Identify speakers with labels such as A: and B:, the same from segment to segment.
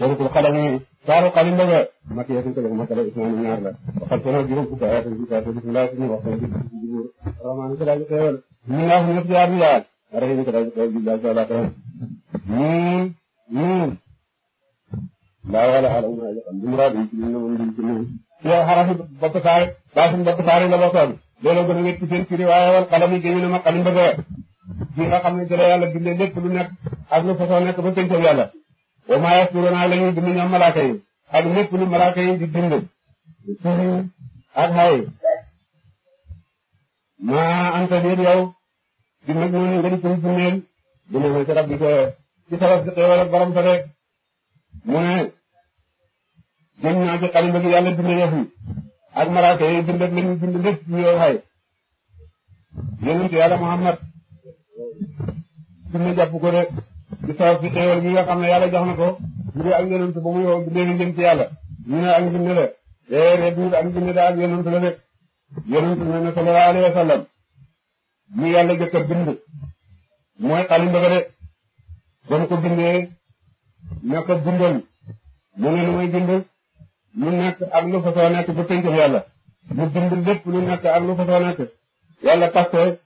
A: Laylatul Qadr ni saaru qalil la de makkiyatun ko def masala ismaani ñaar la waxal ko na juróom fukki ayatin ci kaatu bismillah suñu wax ko ci jubur rahmaan ko daal xewal ñu naax ñu ci yaar yaar rahim ko daal xewal billahi ta'ala ko ñu ñu la wala ala umma ya qan murad yi ñu ñu ñu ci ñu ya harafi bokk saare baasim bokk saare la bokkoon loolu gën a wér ci seen firi waaye wal qalam yi gëñu na ma qalim ba de bi nga xam ne jëlee yàlla bindee lépp lu nekk ak lu fasoo nekk ba tënkal yàlla wa maa yasturuna la ñuy bind ñoom malaaka yi ak lépp lu malaaka yi di bind suuf ak xay maa anta déet yow di mag noonu nga di suñu suñu dina ma ci rabbi ci sabab si xéewal ak borom sa rek mu ne jëm naa ci xalim bëgg yàlla bind yëf yi ak malaaka yi bind ak lañu bind lépp yow xay yonent yàlla Muhammad suñu jàpp ko de di toog ci xéewal bi nga xam ne yàlla jox na ko mbir ak yonent ba muy woo jëm ci yàlla ñu ne ak njënd la déedéet rek yonent ne ne sallallahu alayhi wa sallam ñu yàlla mooy xalim ba de ba mu ko bindee na ko bindoon mu ne lu muy bind lu nekk ak lu fasoo nekk ba tënkal yàlla mu bind lépp lu nekk ak lu fasoo nekk yàlla parce que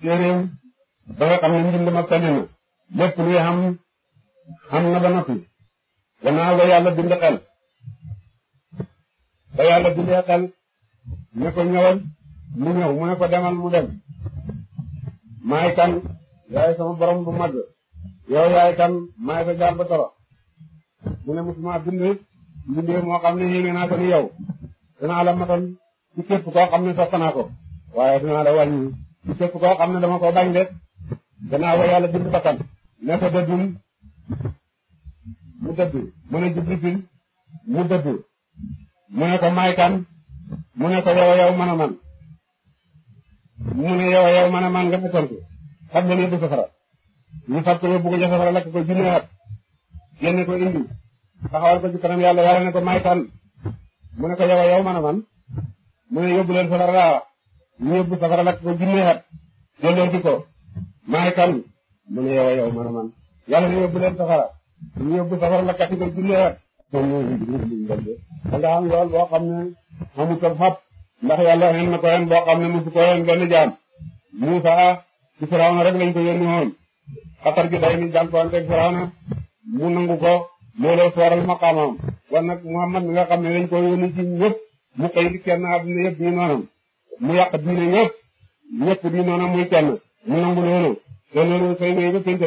A: téeréem ba nga ne mbind ma tane lépp luy xam xam na ba noppi gannaaw ba yàlla bind xel ba yàlla bindee xel ne ko ñëwal mu ñëw mu ne ko demal mu dem maay kan yaay sama borom bu mag yow yaay kan maay sa jaar ba toro mu ne musuma bind mbindee moo xam ne yéege naa ko ni yow danaa la matal ci képp koo xam ne sopp naa ko waaye dinaa la wàññi ci képp koo xam ne dama ko bañ de gannaaw ba yàlla bind bakkan ne ko dëddul mu dëdd mu ne jibritil mu dëdd mu ne ko maykan mu ne ko yow yow mën a man mu ne yow yow mën a man nga fa tontu xam nga yóbbu safara ñu fab ko yóbbu ko ca safara lakk ko junne at génne ko indi taxawal ko ci kanam yàlla yàlla ne ko maykan mu ne ko yow yow mën man mu ne yóbbu leen safara ñu yóbbu safara ko junne at delloo ci ko maykan mu ne yow yow man man yàlla na yóbbu leen safara ñu yóbbu safara la kati nga junne at. moom mooy li ñu da nga am yool boo xam ne amutoon xap ndax yàlla xen na ko yéen boo xam ne mosu ko yéen benn jaam Musa ci Firawna rek lañ ko yónni woon xatar gi day mu nangu ko looloo sooral maqaamam kon nag Muhammad mi nga xam ne dañ ko yónni ci ñëpp mu xëy di kenn àdduna yëpp di noonam mu yàq diine ñëpp ñëpp di noonam muy kenn mu nangu loolu. te loolu kay yooyu yëpp seen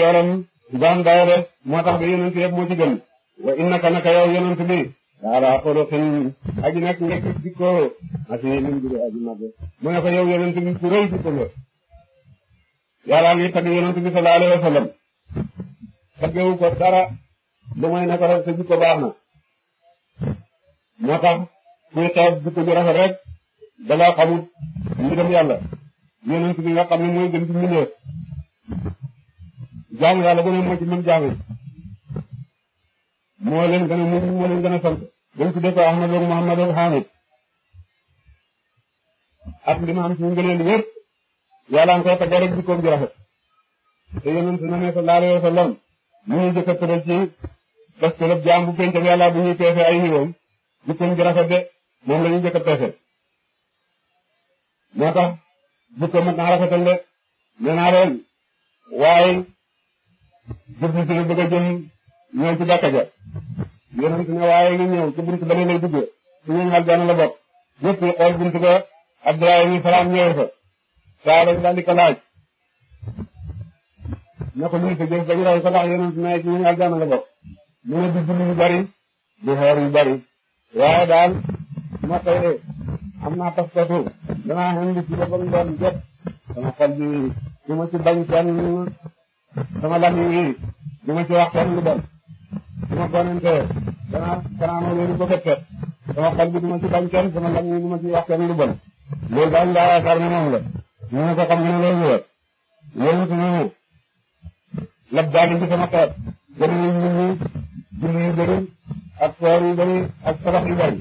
A: yàlla moo tax ba yonent yëpp moo ci gën wa innaka naka yow yonent bi ala xuluqin aji nekk nekk jikko asimin bi aji mag mu ne ko yow yonent bi ku jikko nga yàlla ngi tagg yonent bi sallallahu alayhi wa sallam taggewu ko dara lu mooy naka rek sa jikko baax na moo tax kuy xeeb jikko ju rafet rek da laa xamut mbiram yàlla yonent bi nga xam ne mooy gën ci mbindeef jaamu yàlla gën a moo ci mën jaamu moo gën a muñ moo gën a sant dañ tuddee ko Ahmad ak Muhammad ak Hamid ak li ma am ci ngëneel yépp yàlla nga koy tagg rek jikkoom ju te yonent na ne sallallahu alayhi mu ngi jëkk a tëral ci parce que lépp jaam bu pencam yàlla bu ay yiwam jikkoom ju rafet de moom la ñuy jëkk a peese bu ko mën naa rafetal de nee waaye jëf li dina bëgg a jëm ñëw ci dàkka ja yonent ne waaye ñu ñëw ci buntu ba ne lay duggee su ñu aljana la bokk ñëpp xool buntu ba Abdoulaye mi salaam ñëwee fa saa dañu daal di ko laaj ne ko luñu fa jëf dañu ray ko ndax yonent ne ci ñu aljana la bokk mu ne julli yu bari di xoor yu bari waaye daal ma tey am naa pas-pasu dinaa mën li ci defal doon jot sama xol bi du ma ci bañ kenn sama lam yi du ma ci wax kenn lu bon du ma bonante danaa danaa ma wéeru ba fekk sama xol bi du ma ci bañ kenn sama lam yi du ma ci wax kenn lu bon loolu daal laa yaakaar ne moom la ñu ne ko xam ne loolu la yéen suñu lab daal ci sama xeet gën a ñu julli yu bëri ak soor yu bëri ak sabax yu bëri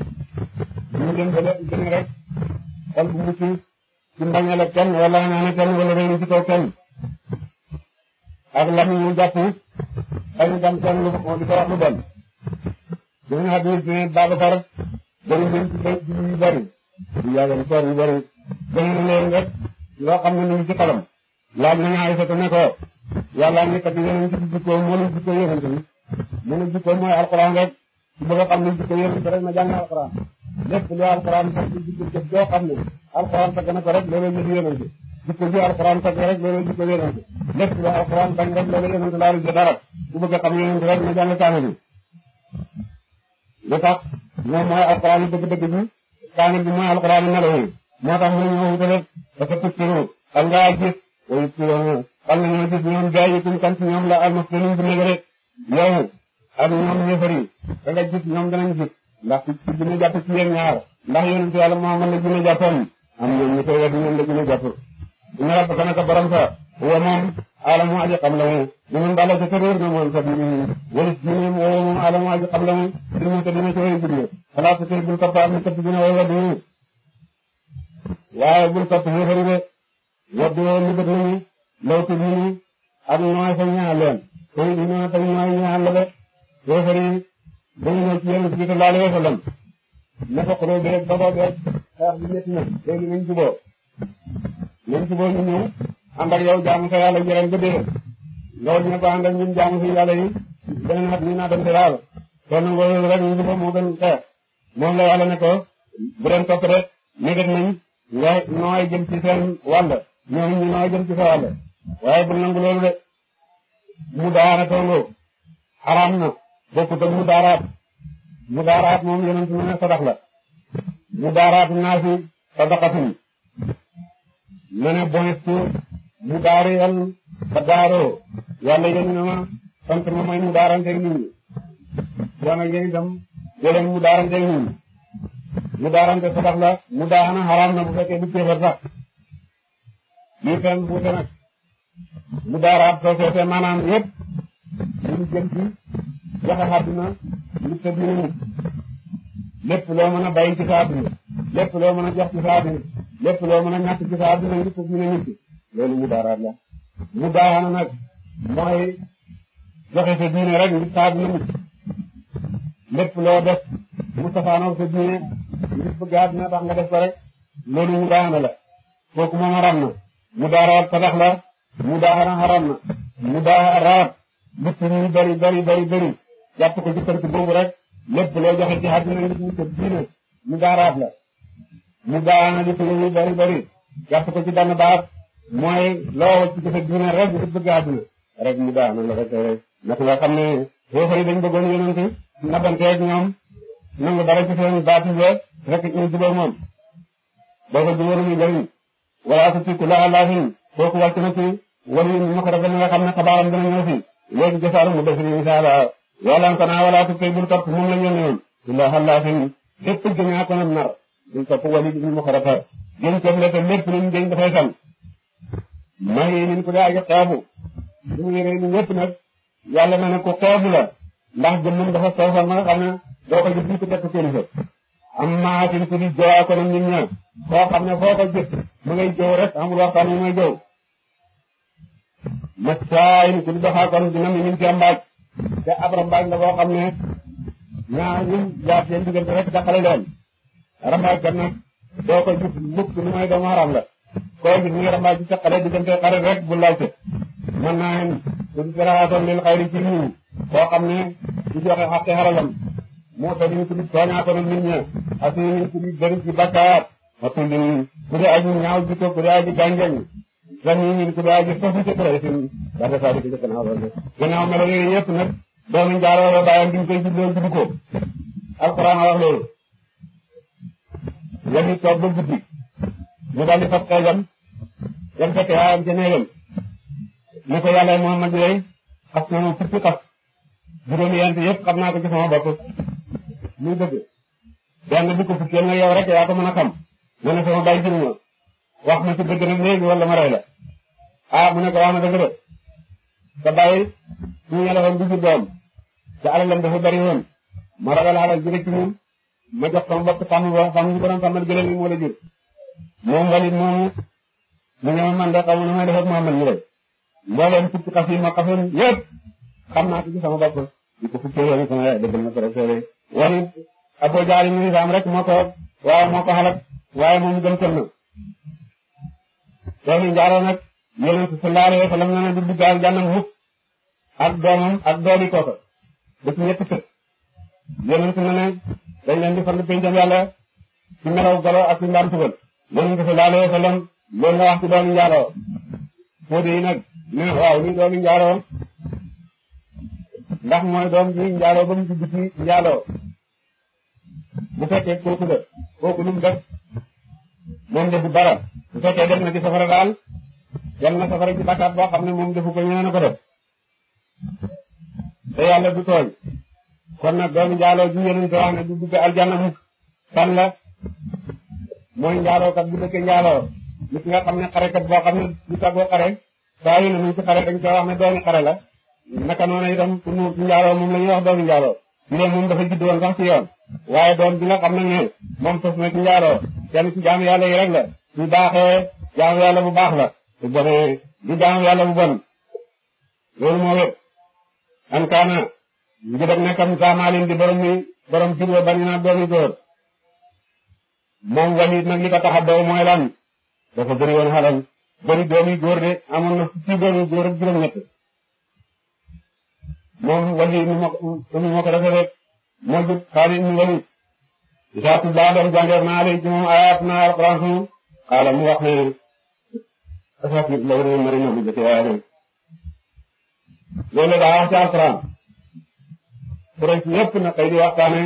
A: ñu dem ba gën rek xol bu mucc ci mbañale kenn wala ñaane kenn wala réew ci kaw kenn ak lamiñ wu jàpp bañu dem kenn lu ko wax lu bon dañu xadis ne Babacar dañu dem ci bay julli yu bari du yàggal koor yu bari dañu leen rek loo xam ne ñu ngi ci xalam laaj nañu Aysa ko ne ko yàlla nekk ak yeneen ci jikko moo leen jikko yonent bi mu ne jikko mooy alquran rek su bëgg a xam ne jikko yonent rek na jàng alquran lépp lu alxuraan sax di jikko jëf joo xam ne alxuraan tagg na ko rek loolu ñu di yonante jikko ji alxuraan tagg rek loolu jikko yonante lépp lu alxuraan bañ rek loolu yonante laalu ja dara ku bëgg a xam yonante rek na jàng kaamil bi lu tax moom mooy alxuraan yi dëgg-dëgg bi kaamil bi mooy alxuraan yi melo yi moo tax mu ñëw wutale dafa tëkkiroo xam ngaa gis wayu tiro xam nga ñoo gis ñoom gaay yi kuñ kan ci ñoom la almas dañu bu nekk rek yow ak ñoom ñëfar yi da nga gis ñoom danañ gis ndax ci dina jàpp ci yéen ñaar ndax yonent yàlla Muhammad la dina jàppoon am ñoom ñu koy wax ñoom la dina jàpp dina rab kana ka borom sa wa moom alamu aji xam la mu ñoom na moom sa dini walis dini wa moom alamu aji xam la mu dina ta dina ci way gudde xalaat sa bul topp am topp dina way waddu waaye bul topp xéefari de waddu li bët nañu law tu dini ak nooy fa ñaan leen koy dina fa ñooy ba ñu ñëw ci yonent bi sallallahu alayhi wa sallam ne ko xuloo bi rek baba bi rek xeex bi métti na léegi nañ juboo nañ ñu ñëw ànd ak yow sa yàlla njëriñ ba déwén loolu ñu ne ko ànd ak ñun si yàlla yi beneen at ñu naa dem sa yàlla kon nag loolu rek ñu juboo moo gën xeex moom la yàlla ne ko bu leen topp rek ci seen wàll ñoom ñu nooy jëm ci sa wàll waaye bu nangu loolu de mu daana tongo xaraam na bokkut ak mudaaraat mudaaraat moom yonent mu ne sadax la mudaaraat naa fi sadaqatun ma ne bones ci mudaariyal fadaaroo yàlla yéen ne ma sant ma may mudaaranteeg nit ñi yoon ak yéen itam jëleen mudaaranteeg nit ñi mudaarante sadax la na bu fekkee du kéefar sax buute nag mudaaraat soo seetee maanaam yëpp ñu jëm joxe àdduna li sa diine nit lépp loo mën a bay ci sa àdduna loo mën a jox ci sa àdduna loo mën a ñàkk ci sa àdduna li sa loolu mu la mu nag mooy joxe sa diine rek ngir sa àdduna nit loo def mu sa diine ngir bëgg àdduna tax nga def ko loolu mu la kooku moom haram na mu daaraat la mu haram na mu daaraat bari bari bari bari jàpp ko ci kër gi dëng rek lépp loo joxe ci àdduna yi ñu ko diine mu gaaraat la mu gaaraan li tëjee yu bari bari jàpp ko ci benn baat mooy loo ci jëfe diine rek nga bëgg àdduna rek mu gaaraan la rek rek naka nga xam ne xeexal yi dañ bëggoon yonent ci nabanteeg ñoom nangu dara ci seen baat yi rek ñu jubóo moom boo ko jubóo mu jëriñ wala ko ci ku la laafin kooku wàcc na ci wàllu ñu ko rafet nga xam ne xabaaram dina ñëw fi léegi yàlla ko naa wala tey bul topp moom la ñu yónni woon. illa xalaasin bépp gënaa ko nag nar bul topp wali bi mu xarata gën ko te lépp luñ gën dafay fan. maa ngi leen ko daal di xeebu. bu mu yore ni nag yàlla na ne ko xeebu la ndax jëmmam dafa soow fan nga xam ne doo ko gis ñu ko teg kilifa. am naa ku di jowaa ko nag ñun ñaa. koo xam ne foo ko yi ku di te ab la boo xam ne ñaar ñu jaar seen diggante rek daqale leen rambaaj kan nag doo ko gis mukk lu may doomu haram la koo gis muy rambaaj ci saqale diggante xarit rek bu laajte mën naa leen suñ saraatoon lil xayri ci yiw koo xam ne du joxe xaqi xaralam moo tax ñu tudd tooñaatoon nit ña ak ñu tudd bëri ci bakkaar ma tudd ku dee aji ñaaw jikko ku dee aji gànjañ gan yi ñu ngi tudd waaye gis nga si Ibrahima daal dafa am lu jëkk naa lool de. gannaaw melo yooyu yëpp nag doomu jaaro wala bàyyam duñ koy juddoo la ñuy toog ba guddi. ñu daal di fab xeegam. dem fekk yaayam ca néegam. ne ko yàlla Muhammad yooyu xas na ma fukki xas. juróomi yent yëpp naa ko ci sama bopp. muy dëgg. benn bi ko fukkeel na rek yaa ko mën a sama bàyyi jur ma. wax ma ci dëgg nag léegi wala ma rey la ah mu ne ko wax na dëgg de sa bàyyi su ñu defoon du ci doom te alalam dafa bari woon ma ragal alal jële ci moom ma jox sama bopp sàmm ba sàmm si borom sàmmal gëlëm yi moo la jur moom walit moomu mu ne ma man de xaw ma nu may def ak Muhammad ñu rek mbooleem fukki xas yi ma xasoon yëpp xam naa ko ci sama bopp di ko fukki yoon sama yaay dëggal na ko rek soo walit Abu Jahl mi ngi am rek moo ko waaye moo ko xalak waaye moom gëm na doomu njaalo nag yonent sallallahu alayhi wa sallam nee na du dugg aljanna mukk ak doomam ak doomi kooka ba ci ñetti kër yonent na ne dañ leen di sant pencam yàlla ci melaw golo ak ci mbaam tugal yonent nga wax ci doomu njaalo fóode yi nag ne waaw ni doomi njaalo ndax mooy doom bi njaalo ba mu dugg ci njaalo bu fekkee kooku la kooku lu mu def moom de du dara bu fekkee dem na ci safara daal dem na safara ci bakkaat boo xam ne moom defu ko ñeneen a ko def te yàlla du tooñ kon na doomu njaaloo ji yeneen te wax ne du dugg aljanna mukk kan la mooy njaalookat bu dëkkee njaaloo nit nga xam ne xarekat boo xam ne du tàggoo xare saa yu ne mu ci xare dañ koy wax ne doomi xare la naka noonu itam ku nu njaaloo moom la ñuy wax doomi njaaloo ñu ne moom dafa judd woon sax ci yoon waaye doom bi nga xam ne ne moom sos na ci njaaloo kenn ci jaam la bu baaxee jaamu yàlla bu baax la bu bonee di jaamu yàlla bu bon loolu moo wét an kaana ngi dem nekkam saamaalin di borom mi borom jur wa bañ doomi góor moom waliit nag li ko tax a dow mooy lan dafa bëri woon xalal bëri doomi góor de na fukki doomi góor ak juróom ñett moom waliit nu moo ko moo jub xaalit nu waliit isaatu laa dem jàngeer naa alay ci ayaat naa alxuraan qaala mu wax ne asaas la wërëm mëri ñoom dëkk yaa ngi loolu daa wax ci alxuraan kuréel yëpp na tey di waxtaane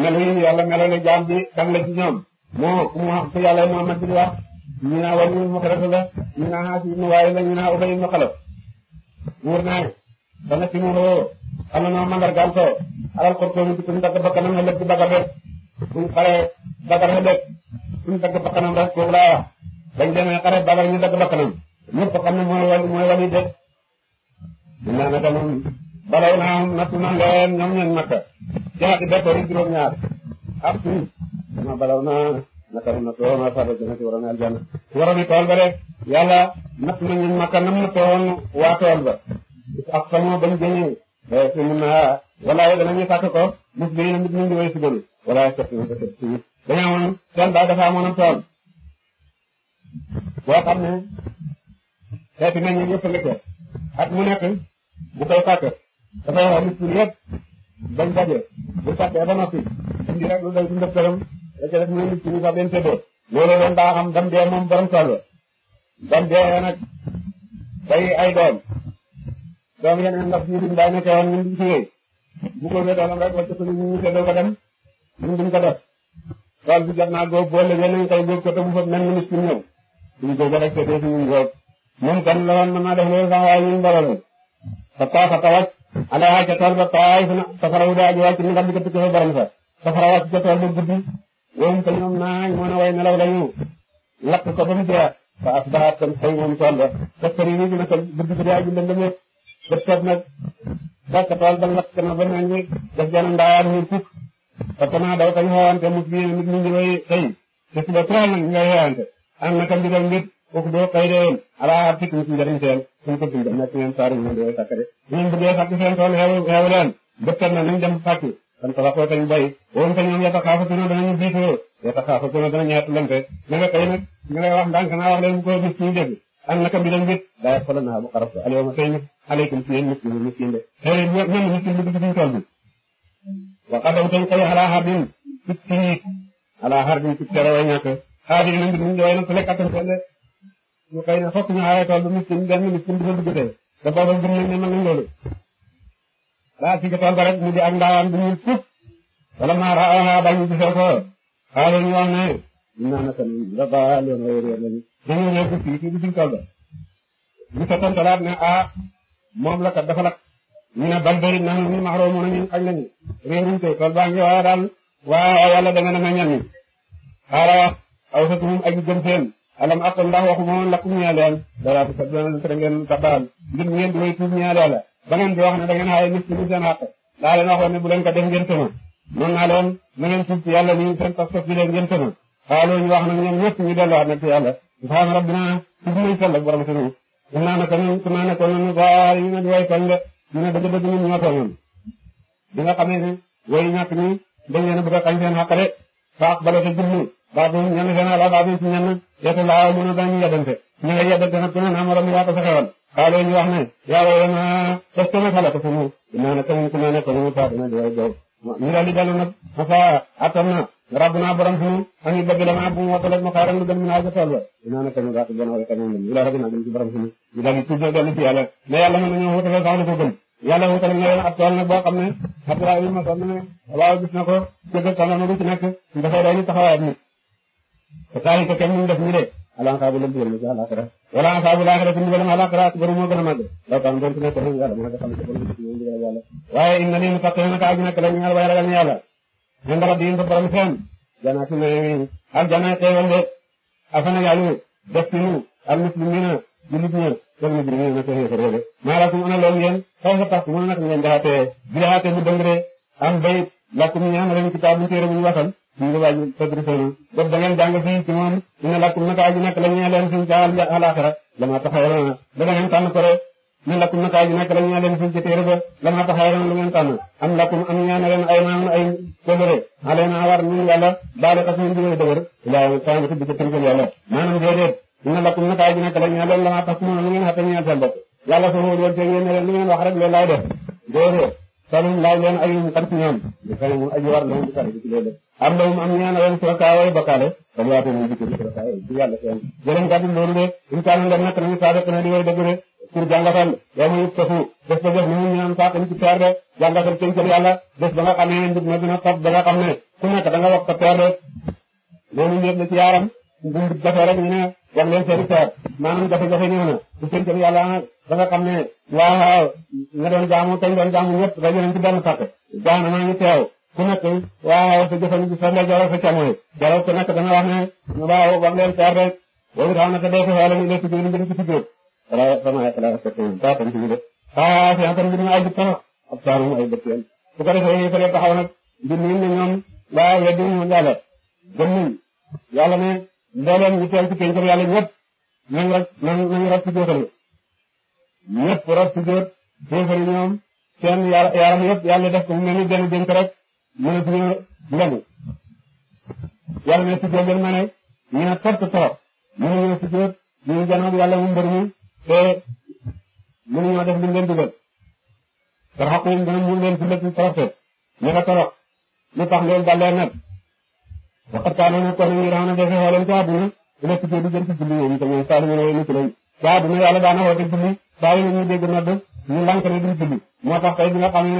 A: melo yi yàlla melale jaam bi kan la ci ñoom moo ku wax ku yàlla moo mën di wax ñu naa wàññi mu Muxraf la ñu naa Aas ibnu Waa'il mu xoo xam na noo mandargaal ko alal korkoom itam dagg bakkanam ëllëg di dagg a def buñ xaree dagg a ñu dagg bakkanam rek kooku laa wax bañ demee xare Badar ñu dagg bakkanam ñëpp xam ne mooy wàllu mooy wàllu dëkk. dinaa ne tamit balaw naa nattu na leen ñoom ñoom Makka jaati bépp juróom ak ah, suuf dama balaw naa naka la nattoo ma faa doon jënd si waroon aljanna si waroon tool ba rek yàlla natt na ñun Makka nam na toon waa tool ba. ak sama bañ jëñee. te te mun naa ah, walaay danañu fàq ko mos bi yéen a mën nañu di wéy si gën walaay dañoo amoon seen baay dafa amoon tool boo xam ne xeeti meññ ñëpp nga ca at mu bu koy fàtte dafay wax miskin bañ daje bu fàttee ba noppi indi rek lu doy ci ndëftalam da ca def mu ne miskin yi sax leen séddoo loolu moom borom tool dam dee nag day ay doom doom yeneen ndax ñu duñ daa nekkee woon ñun bu ko wéetoolam rek wacc ko ñu ñu séddoo ko dem ñun tool bi jot naa góob boo lëgee nañ koy góob ko te bu fa mel ni miskin ñëw suñ góob rek te dee suñu góob moom kan la woon naa def loolu sax fa taa fa tawaj alaa ca tool ba taay fa safara wu daa ji wàcc mi rabbi fa borom sa ca tool ba guddi ñoom te ñoom naañ moo ne way nelaw lañu lakk ko ba mu jeex fa asbahat kon tey moom tool ba te tool ba lakk na ba mel ni def jana ndaayaan ñu tukk parce que maa daw kañ xewante mu fi nit ñi ñu koy xëy te suba tural nañ ñu koy xewante am na tam digal nit kooku doo xëy de ala fik ñu ci njëriñ seen suñ ko dundal nekk ngeen saari ñu di sàkk de ñu bëggee sàkk seen tool xew xew leen bëttal na nañ dem sàkk kon ko waxoo kañ bay woon te ñoom yata xaafatuna danañu biitoo yata wax ndànk naa wax leen bu ko gis ciy def naka mbiram nit daye xoolal naa bu xarab alyawma tey na même muslim bi dugg waxalaw dañ koy ala xardin ci ci ala xardin ci tere way ñàkk xaadir na mbir mi ñu way na ko lekk ak tool ñu koy ne tool bu miskin benn miskin bu ko dugatee te booba mbir mi ne mën nañ loolu daa ci tool rek mu di ak ndaawaan bu ñu fukk wala maa raawa ba ñu gisee ko xaadir ñu wax ne ñu naan ko la ba leen réer réer lañu dañu ñëw bu ci tool ba ñu sa tontalaat ne ah moom la kat dafa lakk ñu ne bal bëri naan ñun a na ñun xaj nañu réeruñ te bal baa ngi waaye daal waaw wala danga na ma ñan ñi xaala wax aw sa tumum aji gëm seen alam akol ndax waxuma woon lakkum ñeel leen dara bu soobee dana tere ngeen tabaal ngir ngeen di way tuub ñeel la ba di wax ne da ngeen xaye nit ñi seen xàq laa leen waxoon ne bu leen ko def ngeen tëma mën naa leen na ngeen tuub ci yàlla ni seen pas pas bi leen ngeen tëma xaaloo ñu wax nag ñoom ñëpp ñu delluwaat nag ci yàlla subhaana rabbina tuub nañ sell ak borom na di ñu ne dëgg-dëgg ñun a tooñoon bi nga xamee ne way ñàkk ñi dañ leen a bëgg a xañ seen xàq a baax bala sa jublu baax boobu a seen ala baax boobu si ñenn yàlla laa mën a dañu yeddante ñu a yeddante nag ku ne naa morom yaa a sa xewal xaaloo ñu wax ne yàlla woon naa des ko nekk la ko ku ne nekk na mu faatu di way jaww ñu daal di dellu nag fa attan rabbuna borom sunu an yubaddilana bu mu wattaleeg ma xaaral lu gën min aaja tool ba dinaa ne tamit wax bon wala tamit lu la rabbina gën ci borom sunu ñu daal di toujours dellu ci yàlla ne yàlla mën nañoo wutale sax lu ko gën yàlla na leen ab tool nag boo xam ne Abdoulaye ma xam ne waaw gis na ko jëgg sama bu ni taxawaayam nit te saa yi ko kenn ñu def ñu de alankaabu leen dugal ma ci àllaaxira ak borom moo gën a a la ñu yàlla min rabbihim fa borom seen janaatin na'iim aljana xéewal de afana ya'lu destinu al muslimina jullit ña wal mujrimiina ko xéefar de maa lakum ana lool ngeen kayfa tahkumuun nak ngeen daxatee di daxatee bu dëng de am bayit lakum ñaan leen kitaab bu téere bu ñu waxal ñu ngi waaj tadrusoona def da ngeen jàng fii ci moom ina lakum naka aji nak la ñee leen fi al da ngeen tànn ko rek ñun lakum nakaay bi nekk dañu leen fi ci téere ba lan la taxaw ren lu ngeen tànn am lakum am ñaan ren ay maam ay kóllëre xale naa war ñun yàlla baale ko suñu digal dëgër ilaa saamati bi ci tënkal yàlla maanaam déedéet ñun lakum nakaay bi nekk dañu leen la ma tax lu ngeen xatte ñaan seen bopp yàlla soo wóor woon te lu ngeen wax rek loolu laay def déedéet salum leen ayum kan ci ñoom di salum aji war leen di sare bi ci am lawum am na di way pour jàngatal yow ma yëg sa fu def ba jëf ni mu ñaan saa tamit ci teer de jàngatal tënkal yàlla def ba nga xamee ne njub na dina topp ba nga xam ne ku nekk da nga wax sa teer de loolu ñëpp la ci yaaram bu njub dafee rek ñu ne wax leen seeni teer maanaam jafe-jafe ñëw na bu tënkal yàlla nag ah ba nga xam ne waaw nga doon jaamu tey doon jaamu ñëpp dañu leen ci benn sàkk jaana maa ngi teew ku nekk waaw sa jëfandiku sa ndeyjoor sa càmmoñ jaroog ku nekk dana wax ne waaw wax leen teer rek boobu daaw nag day fexe wala ñu nekk ci biir mbir ci biir balaa sama xalaat ko tey ba tam ci def ah fi antam bi ay jikko ak taanu ay bëtt yéen su ko defee yi fële taxaw nag mbir mi ne ñoom laa weddi ñu yàlla gëm nañ yàlla ne mbooleem ñu teel ci pencam yàlla ñëpp nañ rek nañ nañ rab ci jóotali ñëpp rab ci jóot jóotali ñoom seen yàlla yaram yëpp yàlla def ko mu mel ni benn dénk rek mën a suñu ngemu yàlla ne si jóot leen ma ne ñu ne tort toor ñu ne ñu ne si jóot ñu ne janoon yàlla mu mbër mi te mënuñoo def luñ leen dugal te xakuñ dina mun leen dugal ci traité ñu nga torop lu tax ngeen dalee nag waxat kaa noonu kon ñu a defe xooleen ci àdduna dina tuddee di jëm ci julli yooyu tamit saa dina yooyu nit lañ ci àdduna yàlla daana woote julli saa yi ñu dégg nodd ñu lànk ne duñ julli moo tax tey bi nga ne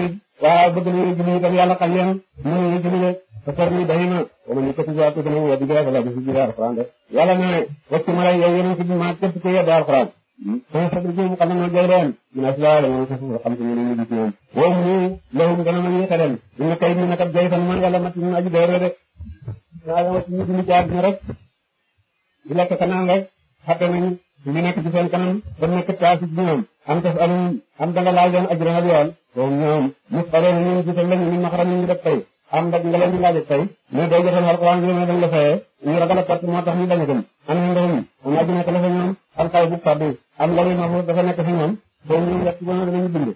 A: waa bëgg nañu julli itam yàlla xam leen mënuñu julli de te kër yi na wala ñu tëkk waat ko gën a woo di def la bi ci biir alxuraan soo fabriqué mu xam ne mooy jëndee mu nekk laa la xam te ne nii liggéey am. waaw mu loolu gën a mën yéex a dem ñu ne kay ñu ne kat jaay fan man wala mat ñu aju doole rek waaye wala ñu dund ci àdduna rek di rek xate nañu ñu nekk rek yoon. waaw ñoom na ñoom gisal lañu ñu ma xam ñu def tey am nag nga leen di laaj tey mais doo jotoon alxuraan bi ne dañ la fayee ñu ragal a perte moo tax ñu bañ a dem am na nga xam am na aju nekk alxaybu faddu am la muy mafu dafa nekk fi ñoom boobu ñoom yàq ba danañu dund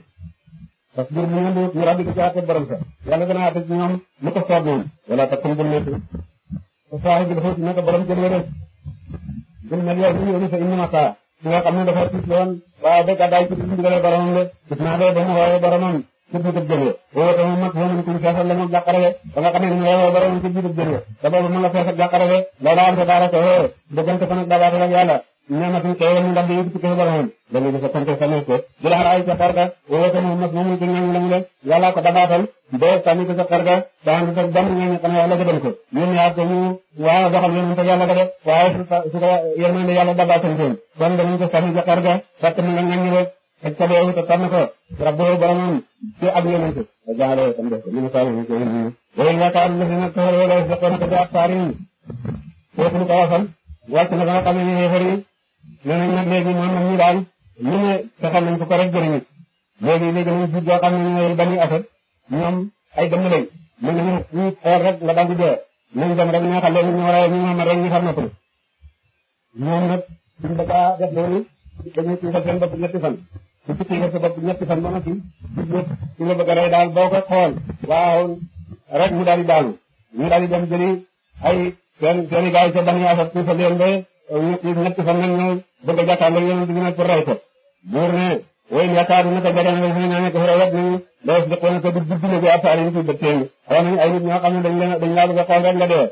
A: parce que bu ñu ñu rabbi di jaate borom sa yàlla dana àtte ci ñoom lu ko soob moom wala tax comme bul nekk te saaxi bi dafa ci nekk borom jël yore bul mel yow ñu yónni sa indi masaa ba mu woowee boromam ci biitub jëlee woo ko moom mag moom kuñ feesal nga xam ne mu woowee boromam ci biitub jëlee te boobu mën la fees ak jàqarale loola am sa daara ko hee نعمة كيلا من ربي يبتك لهم لن يستنك سنوك جل هرائي سفرك ويوك محمد مومن كن يعمل مولي يالا كتباتل بيو سامي تسفرك سامي تسفر دم يعني كنا يالا جبنك يوم يعطيه وعا دخل يوم تيالا جبن وعا سفر يرمان يالا دباتل كن كن دمين تسامي تسفرك فتن من يعمل اتبعه تسامك ربه برمان في أبي منك وجعله تنبه من صالحه كهنه وإن يتعب الذين اتهروا لا يسبقونك بأبصارهم ويقول تواصل وقت ما كان قبل يهرين nee nañ nag léegi moom la ñu daal ñu ne fexeel nañ ko ko rek jëriñu léegi léegi nañ jiw boo xam ne ñooy bani asad ñoom ay dëmm lañ ñu ne ñu xool rek nga daal di dee nañ dem rek neexal leen ñu war a ñu ñoom rek ñu nag suñ ko ba nga ci jublu ci la a daal boo ko xool waaw rek mu daal di daanu ñu daal di dem jëli ay seen seen i gars yi ca bani asad leen ba ñetti ñetti fan lañ ñëw bëgg a jàkkaarloo yéen di gën pour rey ko. buur ne woyim yaakaar na ko jagan nga xam ne ñoo nekk fa rek nañu loolu dëkk woon ko di gudd na bi affaire yi ñu ciy dëkkee ñu. xaw nañu ay nit ñoo xam ne dañ la dañ laa bëgg a xool rek nga dee.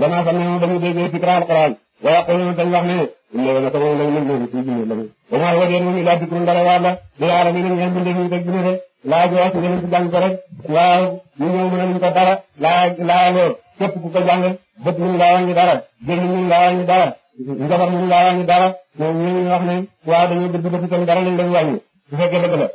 A: gannaaw fan ne dañu déggee fikra alquran waaye ak ñoom dañ wax ne. léegi nag moom lañ leen leen fii jëndee lañu. ba mu waxee woon moom laa dikku ndara waa la di yaara mi nañ ngeen bindee ñu teg dina de laa ji wax ngeen ci jàng ko rek waaw ñu ñëw mën nañu ko dara laa laa lool képp ku ko jàng bët ñu laa wàññi dara génn ñu laa wàññi dara defar nañ laa wàññi dara ñooñu wax ne waaw dañoo bëgg def itam dara lañ leen wàññi bu fekkee dëgg la